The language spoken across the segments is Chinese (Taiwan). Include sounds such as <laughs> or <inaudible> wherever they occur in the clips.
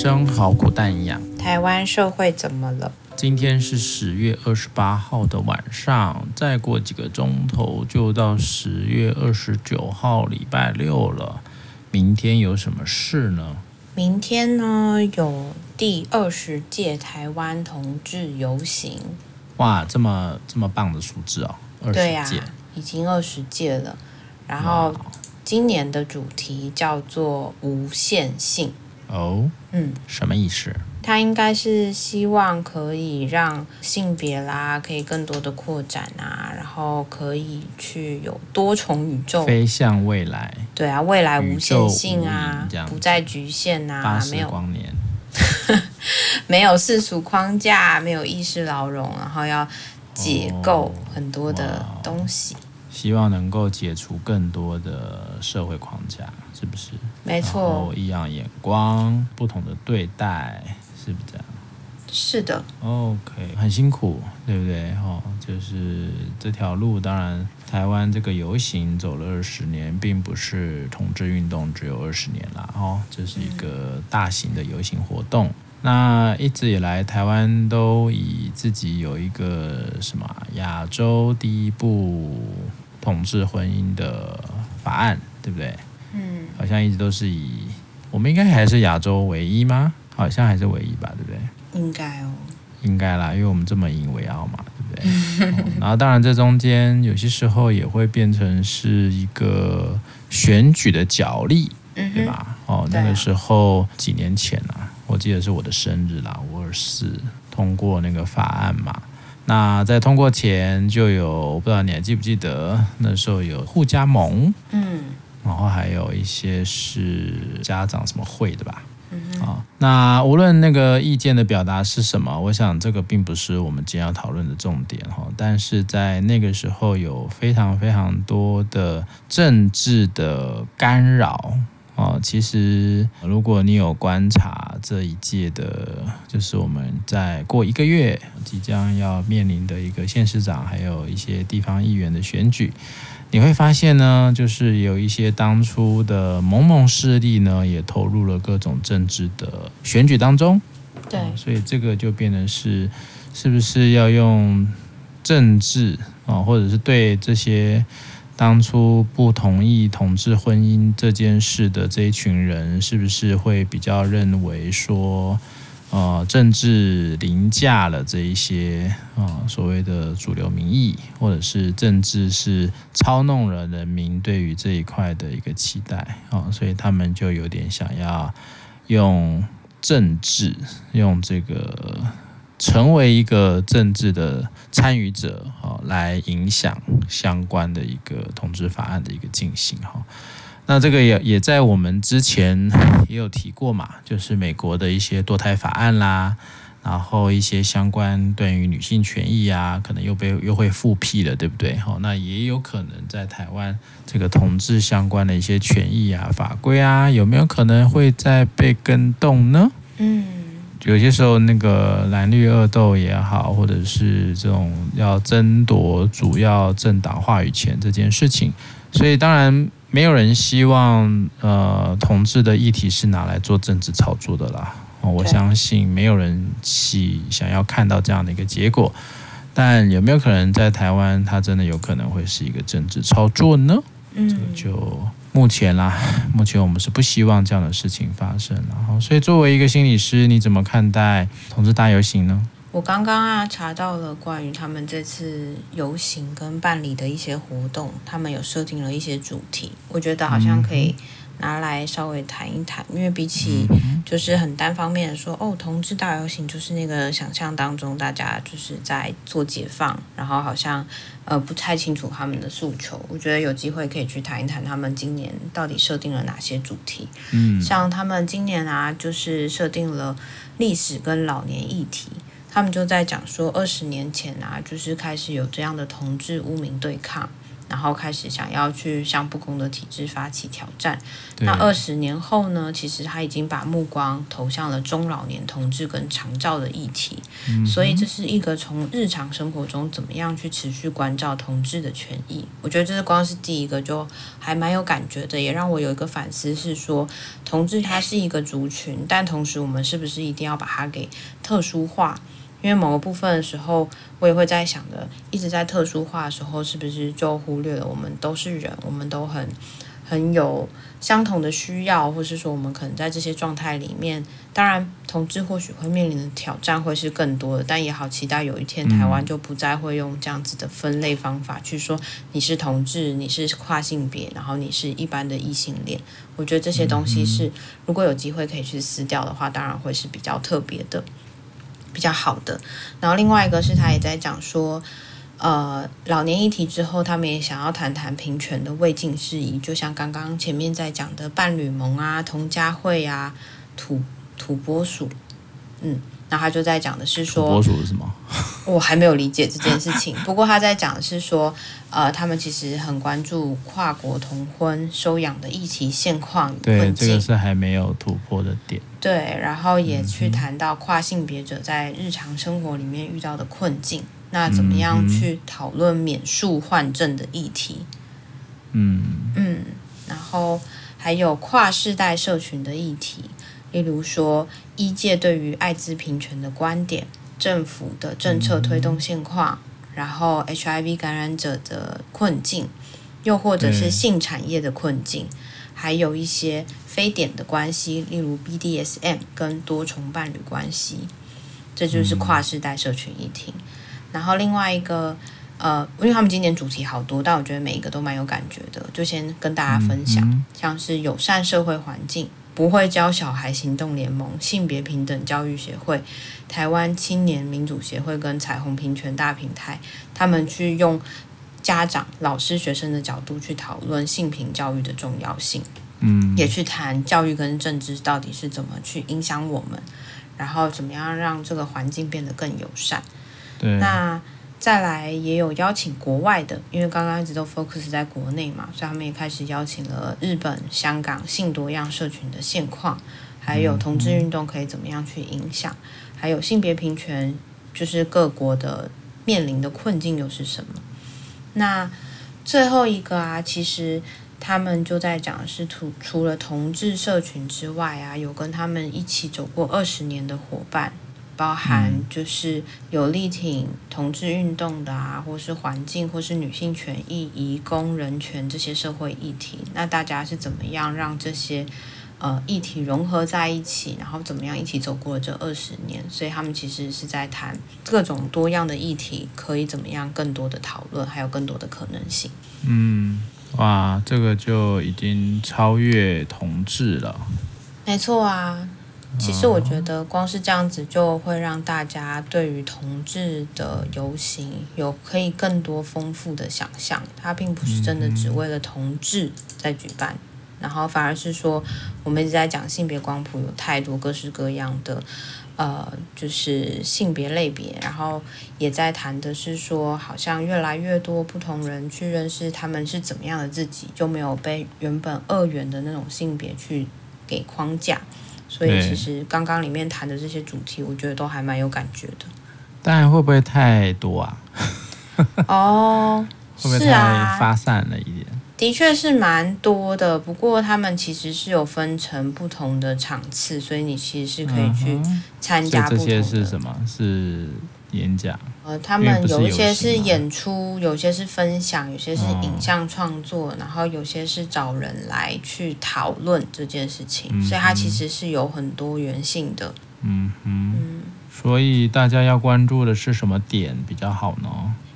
生好苦但營養，臺灣社會怎麼了？今天是十月二十八號的晚上，再過幾個鐘頭就到十月二十九號禮拜六了。明天有什麼事呢？明天呢，有第二十屆臺灣同志遊行。哇，這麼這麼棒的數字哦！二十屆，對啊，已經二十屆了。然後今年的主題叫做無限性。哦、oh，嗯，什麼意思？他應該是希望可以讓性別啦、啊、可以更多的擴展啊，然後可以去有多重宇宙，飛向未來。對啊，未來無限性啊，不再局限啊，沒有光年，沒有， <laughs> 沒有世俗框架，沒有意識牢籠，然後要解構很多的東西。Oh, wow. 希望能夠解除更多的社會框架，是不是？沒錯。然後異樣眼光、不同的對待，是不是這樣？是的。OK，很辛苦，對不對？哦，就是這條路，當然台灣這個遊行走了二十年，並不是同志運動只有二十年了。哦，這是一個大型的遊行活動。嗯。那一直以來，台灣都以自己有一個什麼亞洲第一部。同志婚姻的法案，對不對？嗯，好像一直都是以，我們應該還是亞洲唯一嗎？好、哦、像還是唯一吧，對不對？應該哦。應該啦，因為我們這麼引以為傲嘛，對不對？ <laughs> 哦、然後，當然這中間有些時候也會變成是一個選舉的角力，對吧？嗯、哦，那個時候、啊、幾年前啦、啊，我記得是我的生日啦、啊，我是通過那個法案嘛。那在通過前就有，我不知道你還記不記得，那時候有護家盟，嗯，然後還有一些是家長什麼會的吧，嗯，那無論那個意見的表達是什麼，我想這個並不是我們今天要討論的重點哈，但是在那個時候有非常非常多的政治的干擾。啊，其實如果你有觀察這一屆的，就是我們在過一個月即將要面臨的一個縣市長，還有一些地方議員的選舉，你會發現呢，就是有一些當初的萌萌勢力呢，也投入了各種政治的選舉當中。對，所以這個就變成是，是不是要用政治啊，或者是對這些？當初不同意同志婚姻這件事的這一群人，是不是會比較認為說，呃，政治凌駕了這一些啊、呃、所謂的主流民意，或者是政治是操弄了人民對於這一塊的一個期待？啊、呃？所以他們就有點想要用政治，用這個。成為一個政治的參與者，哈，來影響相關的一個同志法案的一個進行，哈。那這個也也在我們之前也有提過嘛，就是美國的一些墮胎法案啦，然後一些相關對於女性權益啊，可能又被又會復辟了，對不對？哈，那也有可能在台灣這個同志相關的一些權益啊、法規啊，有沒有可能會再被更動呢？嗯。有些時候，那個藍綠惡鬥也好，或者是這種要爭奪主要政黨話語權這件事情，所以當然沒有人希望，呃，同志的議題是拿來做政治操作的啦。哦、我相信沒有人是想要看到這樣的一個結果。但有沒有可能在台灣，它真的有可能會是一個政治操作呢？嗯，這個、就。目前啦，目前我們是不希望這樣的事情發生。然後，所以作為一個心理師，你怎麼看待同志大遊行呢？我剛剛啊查到了關於他們這次遊行跟辦理的一些活動，他們有設定了一些主題，我覺得好像可以，嗯。拿來稍微談一談，因為比起就是很單方面說，哦，同志大遊行就是那個想象當中，大家就是在做解放，然後好像呃不太清楚他們的訴求。我覺得有機會可以去談一談他們今年到底設定了哪些主題。嗯，像他們今年啊，就是設定了歷史跟老年議題，他們就在講說二十年前啊，就是開始有這樣的同志污名對抗。然後開始想要去向不公的體制發起挑戰。那二十年後呢？其實他已經把目光投向了中老年同志跟長照的議題，嗯。所以這是一個從日常生活中怎麼樣去持續關照同志的權益。我覺得這是光是第一個就還蠻有感覺的，也讓我有一個反思，是說同志他是一個族群，但同時我們是不是一定要把它給特殊化？因為某個部分的時候，我也會在想着，一直在特殊化的時候，是不是就忽略了我們都是人，我們都很很有相同的需要，或是說我們可能在這些狀態裡面，當然同志或許會面臨的挑戰會是更多的，但也好期待有一天台灣就不再會用這樣子的分類方法去說你是同志，你是跨性別，然後你是一般的異性戀。我覺得這些東西是，如果有機會可以去撕掉的話，當然會是比較特別的。比較好的，然後另外一個是他也在講說，呃，老年議題之後，他們也想要談談平權的未竟事宜，就像剛剛前面在講的伴侶盟啊、同家會啊、土土撥鼠，嗯，那他就在講的是說，土撥鼠是嗎？我還沒有理解這件事情， <laughs> 不過他在講的是說，呃，他們其實很關注跨國同婚收養的議題現況，對，這個是還沒有突破的點。對，然後也去談到跨性別者在日常生活裡面遇到的困境，那怎麼樣去討論免術換證的議題？嗯嗯，然後還有跨世代社群的議題，例如說，醫界對於艾滋平權的觀點，政府的政策推動現況、嗯，然後 HIV 感染者的困境，又或者是性產業的困境。還有一些非典的關係，例如 BDSM 跟多重伴侶關係，這就是跨世代社群議題，嗯。然後另外一個，呃，因為他們今年主題好多，但我覺得每一個都蠻有感覺的，就先跟大家分享。嗯嗯。像是友善社會環境、不會教小孩行動聯盟、性別平等教育協會、台灣青年民主協會跟彩虹平權大平台，他們去用。家長、老師、學生的角度去討論性平教育的重要性，嗯，也去談教育跟政治到底是怎麼去影響我們，然後怎麼樣讓這個環境變得更友善。對。那再來也有邀請國外的，因為剛剛一直都 focus 在國內嘛，所以他們也開始邀請了日本、香港性多樣社群的現況，還有同志運動可以怎麼樣去影響，嗯、還有性別平權，就是各國的面臨的困境又是什麼？那最後一個啊，其實他們就在講是除了同志社群之外啊，有跟他們一起走過二十年的夥伴，包含就是有力挺同志運動的啊，或是環境或是女性權益、移工人權這些社會議題，那大家是怎麼樣讓這些？呃，議題融合在一起，然後怎麼樣一起走過了這二十年？所以他們其實是在談各種多樣的議題，可以怎麼樣更多的討論，還有更多的可能性。嗯，哇，這個就已經超越同志了。沒錯啊，其實我覺得光是這樣子就會讓大家對於同志的遊行有可以更多豐富的想象，它並不是真的只為了同志在舉辦。嗯。然後反而是說，我們一直在講性別光譜有太多各式各樣的，呃，就是性別類別，然後也在談的是說，好像越來越多不同人去認識他們是怎麼樣的自己，就沒有被原本二元的那種性別去給框架。所以其實剛剛裡面談的這些主題，我覺得都還蠻有感覺的。但會不會太多啊？哦、 <laughs> oh,，會不會太發散了一點？的確是蠻多的，不過他們其實是有分成不同的場次，所以你其實是可以去參加不同的、啊、這些是什麼？是演講。呃，他們有一些是演出，有些是分享，有些是影像創作、哦，然後有些是找人來去討論這件事情、嗯，所以它其實是有很多元性的。嗯哼嗯。所以大家要關注的是什麼點比較好呢？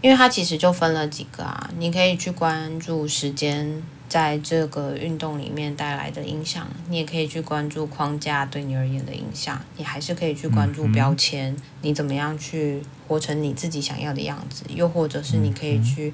因為它其實就分了幾個啊，你可以去關注時間在這個運動裡面帶來的影響，你也可以去關注框架對你而言的影響，你還是可以去關注標籤，你怎麼樣去活成你自己想要的樣子，又或者是你可以去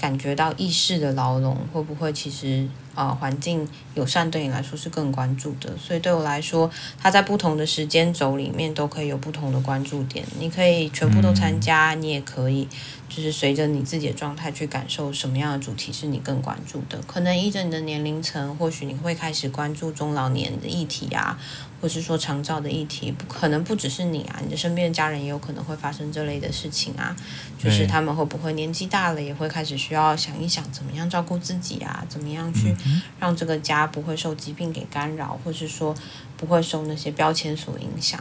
感覺到意識的牢籠會不會其實。啊、呃，環境友善對你來說是更關注的，所以對我來說，它在不同的時間軸裡面都可以有不同的關注點。你可以全部都參加，嗯，你也可以，就是隨着你自己的狀態去感受什麼樣的主題是你更關注的。可能依着你的年齡層，或許你會開始關注中老年的議題啊。或是說長照的議題，可能不只是你啊，你的身邊的家人也有可能會發生這類的事情啊。就是他們會不會年紀大了，也會開始需要想一想怎麼樣照顧自己啊，怎麼樣去讓這個家不會受疾病給干擾，或是說不會受那些標籤所影響。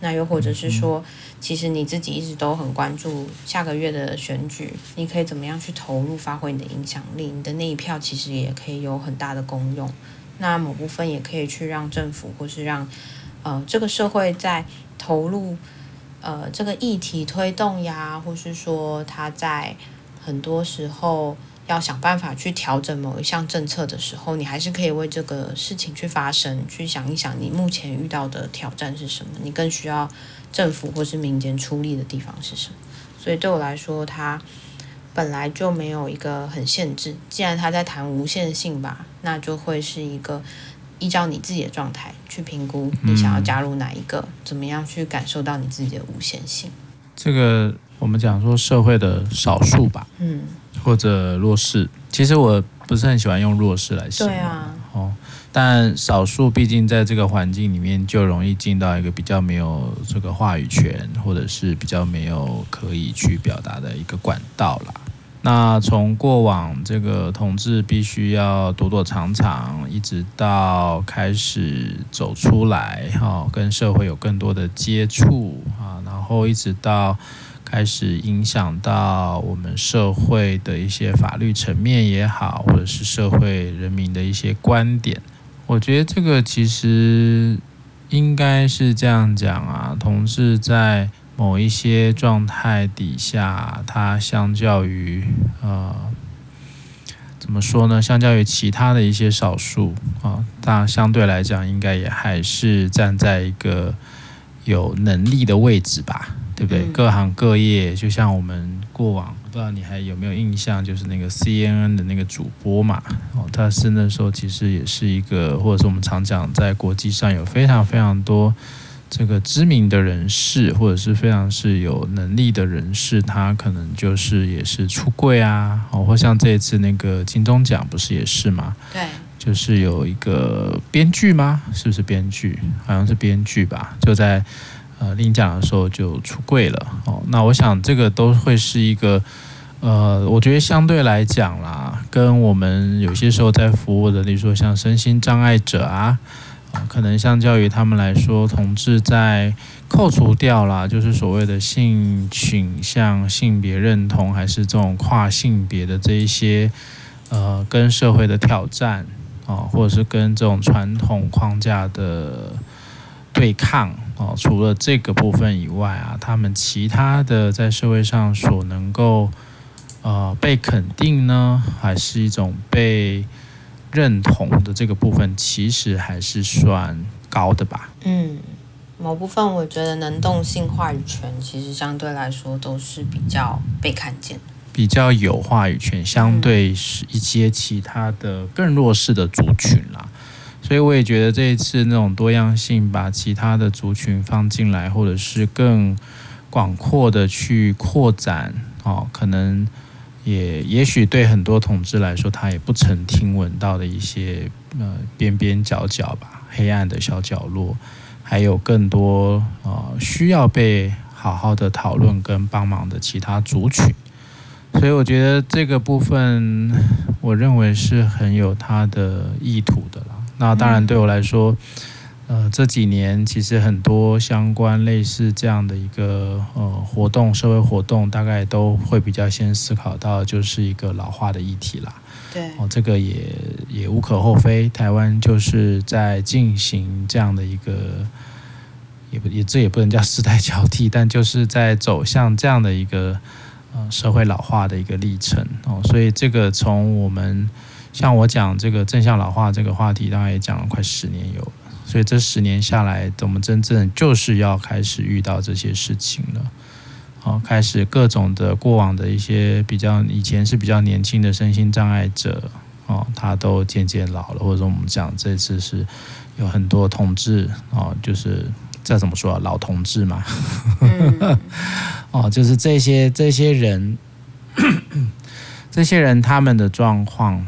那又或者是說，其實你自己一直都很關注下個月的選舉，你可以怎麼樣去投入，發揮你的影響力？你的那一票其實也可以有很大的功用。那某部分也可以去讓政府，或是讓呃這個社會在投入呃這個議題推動呀，或是說他在很多時候要想辦法去調整某一項政策的時候，你還是可以為這個事情去發聲，去想一想你目前遇到的挑戰是什麼，你更需要政府或是民間出力的地方是什麼。所以對我來說，它。本來就沒有一個很限制，既然他在談無限性吧，那就會是一個依照你自己的狀態去評估，你想要加入哪一個，嗯，怎麼樣去感受到你自己的無限性。這個我們講說社會的少數吧，嗯，或者弱勢，其實我不是很喜歡用弱勢來形容，哦，對啊，但少數畢竟在這個環境裡面就容易進到一個比較沒有這個話語權，或者是比較沒有可以去表達的一個管道了。那從過往這個同志必須要躲躲藏藏，一直到開始走出來，哈，跟社會有更多的接觸啊，然後一直到開始影響到我們社會的一些法律層面也好，或者是社會人民的一些觀點，我覺得這個其實應該是這樣講啊，同志在。某一些狀態底下，它相較於呃，怎麼說呢？相較於其他的一些少數啊，它相對來講應該也還是站在一個有能力的位置吧，對不對？嗯、各行各業，就像我們過往，不知道你還有沒有印象，就是那個 CNN 的那個主播嘛，哦，他是那時候其實也是一個，或者是我們常講，在國際上有非常非常多，這個知名的人士，或者是非常是有能力的人士，他可能就是也是出櫃啊，哦，或像這次那個金鐘獎不是也是嗎？對，就是有一個編劇嗎？是不是編劇？好像是編劇吧，就在呃領獎的時候就出櫃了。哦，那我想這個都會是一個，呃，我覺得相對來講啦，跟我們有些時候在服務的，例如說像身心障礙者啊。可能相較於他們來說，同志在扣除掉了，就是所謂的性傾向、性別認同，還是這種跨性別的這一些，呃，跟社會的挑戰，啊、呃，或者是跟這種傳統框架的對抗，啊、呃。除了這個部分以外啊，他們其他的在社會上所能夠，呃，被肯定呢，還是一種被。認同的這個部分其實還是算高的吧。嗯，某部分我覺得能動性話語權其實相對來說都是比較被看見的，比較有話語權，相對是一些其他的更弱勢的族群啦、嗯。所以我也覺得這一次那種多樣性，把其他的族群放進來，或者是更廣闊的去擴展，哦，可能。也也許對很多同志來說，他也不曾聽聞到的一些呃邊邊角角吧，黑暗的小角落，還有更多呃需要被好好的討論跟幫忙的其他族群，所以我覺得這個部分，我認為是很有他的意圖的啦。那當然對我來說。嗯。呃，這幾年其實很多相關類似這樣的一個呃活動，社會活動大概都會比較先思考到，就是一個老化的議題啦。對哦，這個也也無可厚非。台灣就是在進行這樣的一個，也不也這也不能叫世代交替，但就是在走向這樣的一個呃社會老化的一個歷程哦。所以這個從我們像我講這個正向老化這個話題，當然也講了快十年有。所以這十年下來，我們真正就是要開始遇到這些事情了。哦，開始各種的過往的一些比較以前是比較年輕的身心障礙者，哦，他都漸漸老了，或者說我們講這次是有很多同志，哦，就是這怎麼說啊，老同志嘛，嗯、哦，就是這些這些人咳咳，這些人他們的狀況。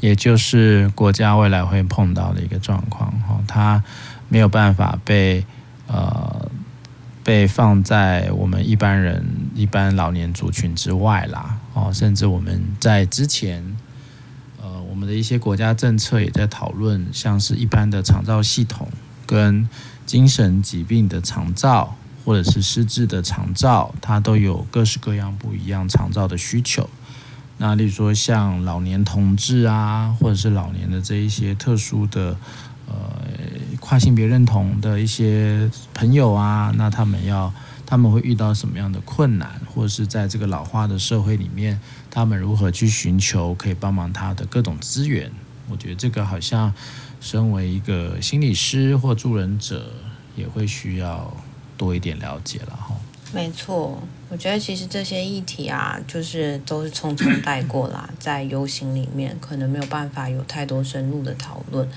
也就是國家未來會碰到的一個狀況，哈，它沒有辦法被呃被放在我們一般人一般老年族群之外啦，哦，甚至我們在之前，呃，我們的一些國家政策也在討論，像是一般的長照系統跟精神疾病的長照，或者是失智的長照，它都有各式各樣不一樣長照的需求。那，例如說像老年同志啊，或者是老年的這一些特殊的呃跨性別認同的一些朋友啊，那他們要他們會遇到什麼樣的困難，或者是在這個老化的社會裡面，他們如何去尋求可以幫忙他的各種資源？我覺得這個好像身為一個心理師或助人者，也會需要多一點了解了哈。沒錯。我覺得其實這些議題啊，就是都是匆匆帶過啦， <coughs> 在遊行裡面可能沒有辦法有太多深入的討論。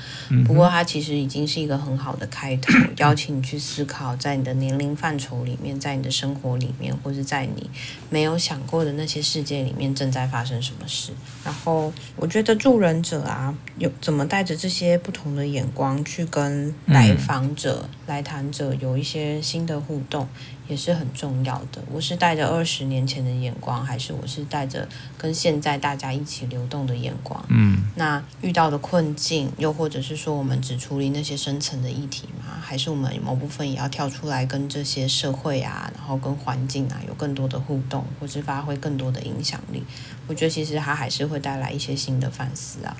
不過它其實已經是一個很好的開頭，邀請你去思考，在你的年齡範疇裡面，在你的生活裡面，或是在你沒有想過的那些世界裡面，正在發生什麼事。然後我覺得助人者啊，有怎麼帶着這些不同的眼光去跟來訪者。嗯來談者有一些新的互動,也是很重要的。我是帶着二十年前的眼光，還是我是帶着跟現在大家一起流動的眼光？嗯，那遇到的困境，又或者是說我們只處理那些深層的議題嗎？還是我們某部分也要跳出來，跟這些社會啊，然後跟環境啊，有更多的互動，或是發揮更多的影響力？我覺得其實它還是會帶來一些新的反思啊。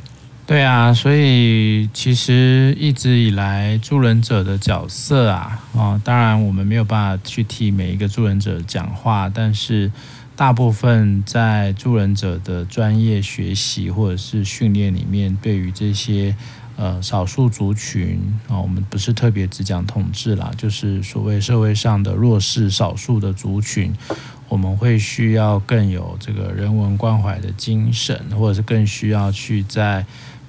對啊，所以其實一直以來助人者的角色啊，啊、哦、當然我們沒有辦法去替每一個助人者講話，但是大部分在助人者的專業學習或者是訓練裡面，對於這些呃少數族群啊、哦，我們不是特別只講同志啦，就是所謂社會上的弱勢少數的族群，我們會需要更有這個人文關懷的精神，或者是更需要去在。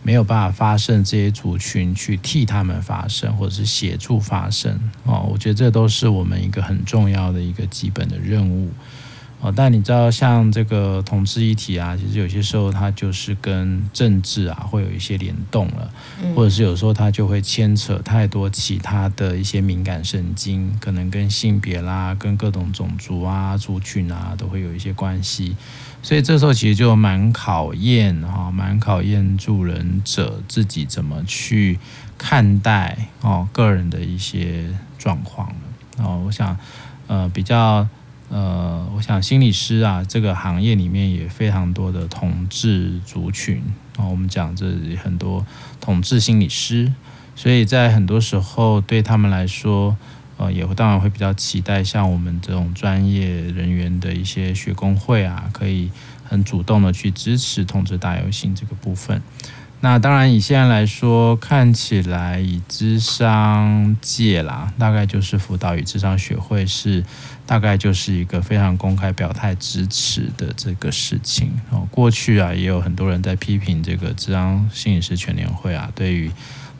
沒有辦法發聲這些族群去替他們發聲，或者是協助發聲。哦。我覺得這都是我們一個很重要的一個基本的任務哦。但你知道，像這個同志議題啊，其實有些時候它就是跟政治啊會有一些聯動了、嗯，或者是有時候它就會牽扯太多其他的一些敏感神經，可能跟性別啦、跟各種種族啊、族群啊都會有一些關係。所以這時候其實就蠻考驗哈，蠻考驗助人者自己怎麼去看待哦，個人的一些狀況哦。我想呃比較呃，我想心理師啊這個行業裡面也非常多的同志族群啊，我們講這裡很多同志心理師，所以在很多時候對他們來說。呃，也會當然會比較期待像我們這種專業人員的一些學工會啊，可以很主動地去支持同志大遊行這個部分。那當然，以現在來說，看起來以諮商界啦，大概就是輔導與諮商學會是大概就是一個非常公開表態支持的這個事情。然後過去啊，也有很多人在批評這個諮商心理師全聯會啊，對於。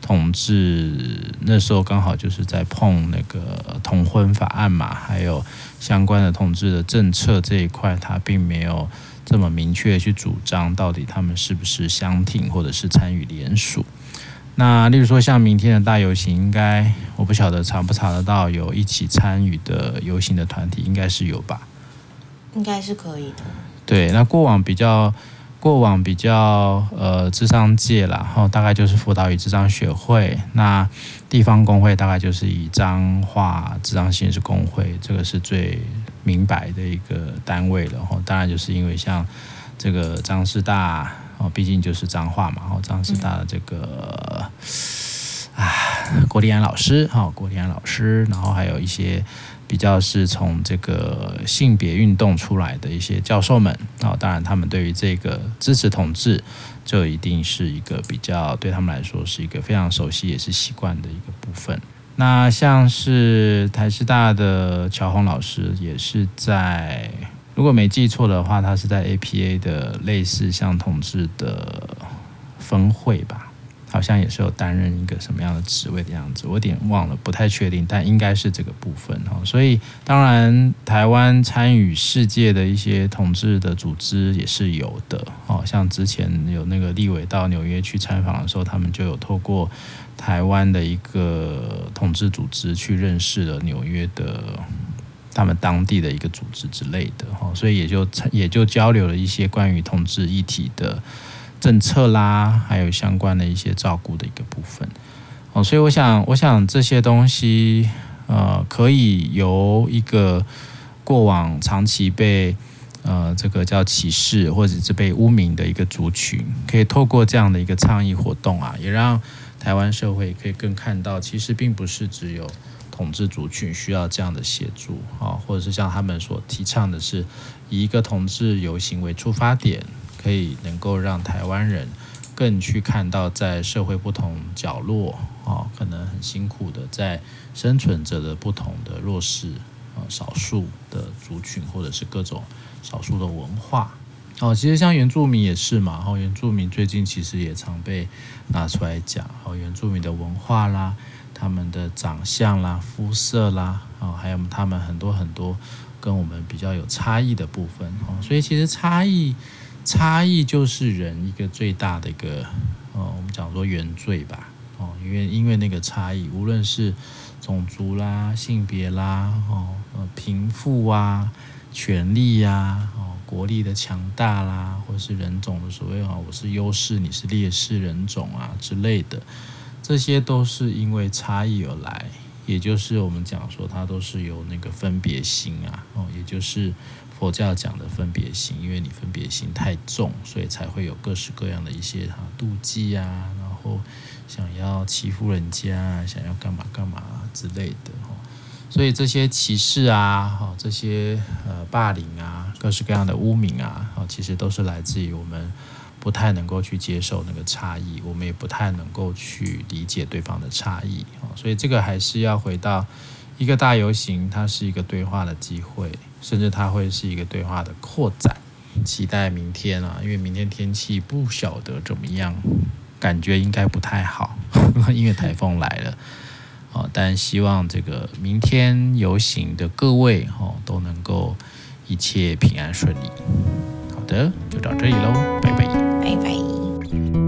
同志那時候剛好就是在碰那個同婚法案嘛，還有相關的同志的政策這一塊，他並沒有這麼明確去主張到底他們是不是相挺或者是參與聯署。那例如說像明天的大遊行應，應該我不曉得查不查得到有一起參與的遊行的團體，應該是有吧？應該是可以的。對，那過往比較。過往比較呃，諮商界啦，然後、哦、大概就是輔導與諮商學會。那地方工會大概就是以彰化諮商形式工會，這個是最明白的一個單位了。然後、哦、當然就是因為像這個彰師大，哦，畢竟就是彰化嘛。然後彰師大的這個啊，郭麗安老師，哈、哦，郭麗安老師，然後還有一些。比較是從這個性別運動出來的一些教授們啊，當然他們對於這個支持同志，就一定是一個比較對他們來說是一個非常熟悉也是習慣的一個部分。那像是台師大的喬宏老師，也是在，如果沒記錯的話，他是在 APA 的類似像同志的分會吧。好像也是有擔任一個什麼樣的職位的樣子，我有點忘了，不太確定，但應該是這個部分哈。所以，當然，台灣參與世界的一些同志的組織也是有的哦。像之前有那個立委到紐約去參訪的時候，他們就有透過台灣的一個同志組織去認識了紐約的他們當地的一個組織之類的哈。所以也就也就交流了一些關於同志議題的。政策啦，還有相關的一些照顧的一個部分，哦，所以我想，我想這些東西，呃，可以由一個過往長期被呃這個叫歧視或者是被污名的一個族群，可以透過這樣的一個倡議活動啊，也讓台灣社會可以更看到，其實並不是只有同志族群需要這樣的協助，啊，或者是像他們所提倡的是以一個同志遊行為出發點。可以能夠讓台灣人更去看到在社會不同角落啊、哦，可能很辛苦的在生存着的不同的弱勢啊、哦、少數的族群，或者是各種少數的文化哦。其實像原住民也是嘛，然後、哦、原住民最近其實也常被拿出來講、哦，原住民的文化啦，他們的長相啦、膚色啦，哦，還有他們很多很多跟我們比較有差異的部分哦。所以其實差異。差異就是人一個最大的一個哦，我們講說原罪吧哦，因為因為那個差異，無論是種族啦、性別啦、哦呃貧富啊、權力呀、啊、哦國力的強大啦，或者是人種的所謂啊、哦，我是優勢，你是劣勢人種啊之類的，這些都是因為差異而來，也就是我們講說它都是有那個分別心啊哦，也就是。佛教講的分別心，因為你分別心太重，所以才會有各式各樣的一些哈妒忌啊，然後想要欺負人家，想要幹嘛幹嘛之類的哈。所以這些歧視啊，哈，這些呃霸凌啊，各式各樣的污名啊，其實都是來自於我們不太能夠去接受那個差異，我們也不太能夠去理解對方的差異。所以這個還是要回到。一個大遊行，它是一個對話的機會，甚至它會是一個對話的擴展。期待明天啊，因為明天天氣不曉得怎麼樣，感覺應該不太好，呵呵因為颱風來了。哦，但希望這個明天遊行的各位哈、哦、都能夠一切平安順利。好的，就到這裡嘍，拜拜，拜拜。